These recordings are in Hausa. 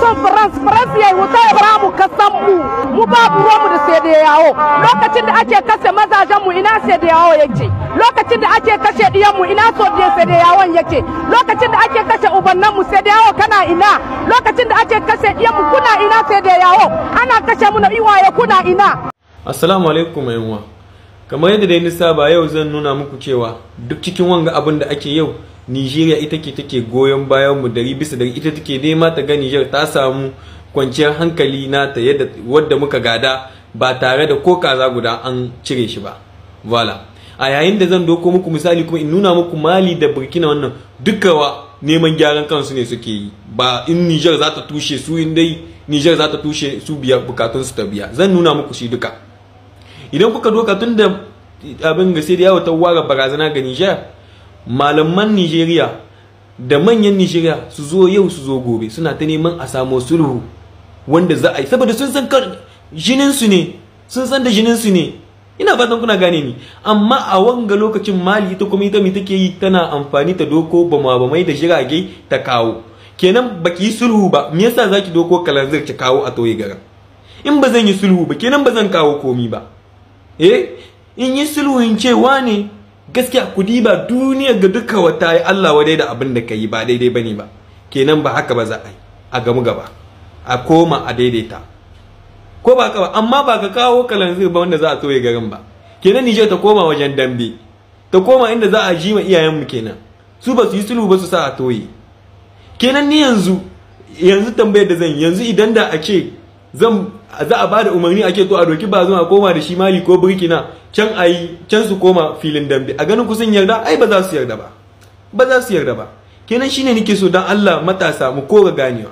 son france france ya yi wuta ya bara mu kasan mu mu ba mu da sai da yawo lokacin da ake kashe mazajen mu ina sai da yawo yake lokacin da ake kashe diyan mu ina so diyan sai da yawon yake lokacin da ake kashe ubannan mu sai da yawo kana ina lokacin da ake kashe diyan mu kuna ina sai da yawo ana kashe mu na iwaye kuna ina assalamu alaikum kamar yadda da nisa ba yau zan nuna muku cewa duk cikin wanga abin da ake yau nigeria ita ke take goyon bayan mu dari bisa dari ita take nema ta ga niger ta samu kwanciyar hankali nata yadda wadda muka gada ba tare da ko kaza guda an cire shi ba wala a yayin da zan doko muku misali kuma in nuna muku mali da burkina wannan dukawa neman gyaran kansu ne suke yi ba in niger za ta tushe su in dai niger za ta tushe su biya bukatunsu ta biya zan nuna muku shi duka idan kuka doka tun da abin ga sai da yawo ta wara barazana ga Nijar malaman Nijeriya da manyan Nijeriya su zo yau su zo gobe suna ta neman a samu sulhu wanda za a yi saboda sun san jinin su ne sun san da jinin su ne ina fatan kuna gane ni amma a wanga lokacin mali ita kuma ita mai take yi tana amfani ta doko ba mai da jirage ta kawo kenan baki yi sulhu ba me yasa zaki doko kalanzir ta kawo a toye garan in ba zan yi sulhu ba kenan ba zan kawo komi ba eh in yi sulhun cewa ne gaskiya ku diba duniya ga duka wata yi Allah wadai da abin da ka yi ba daidai bane ba kenan ba haka ba za a yi a gamu gaba a koma a daidaita ko ba ka ba amma ba ka kawo kalanzir ba wanda za a toye garin ba kenan ni ta koma wajen dambe ta koma inda za a ji ma iyayenmu kenan su ba su yi sulhu ba su sa a toye kenan ni yanzu yanzu tambayar da zan yanzu idan da a ce zan za a bada umarni ake to a doki ba zuwa koma da shi mali ko burkina can yi can su koma filin dambe a ganin kusan yarda ai ba za su yarda ba ba za su yarda ba kenan shine nake so dan Allah matasa mu kora ganewa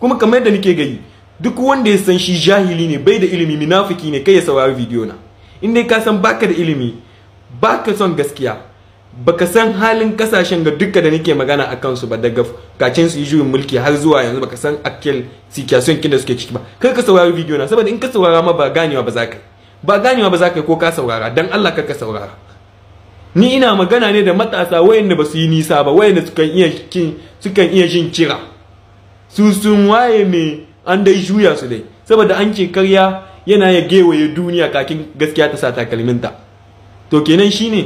kuma kamar yadda nake gani duk wanda ya san shi jahili ne bai da ilimi munafiki ne kai ya saurari bidiyo na in dai ka san baka da ilimi baka son gaskiya baka san halin kasashen ga duka da nake magana a kansu ba daga kacin su yi juyin mulki har zuwa yanzu baka san akil sikyasun kin da suke ciki ba kar ka saurari bidiyo na saboda in ka saurara ma ba ganewa ba za ka ba ganewa ba za ka ko ka saurara dan Allah ka ka saurara ni ina magana ne da matasa wayanda ba su yi nisa ba wayanda sukan iya kin sukan iya jin kira su sun waye me an dai juya su dai saboda an ce karya yana ya gewaye duniya kakin gaskiya ta sa takalminta to kenan shine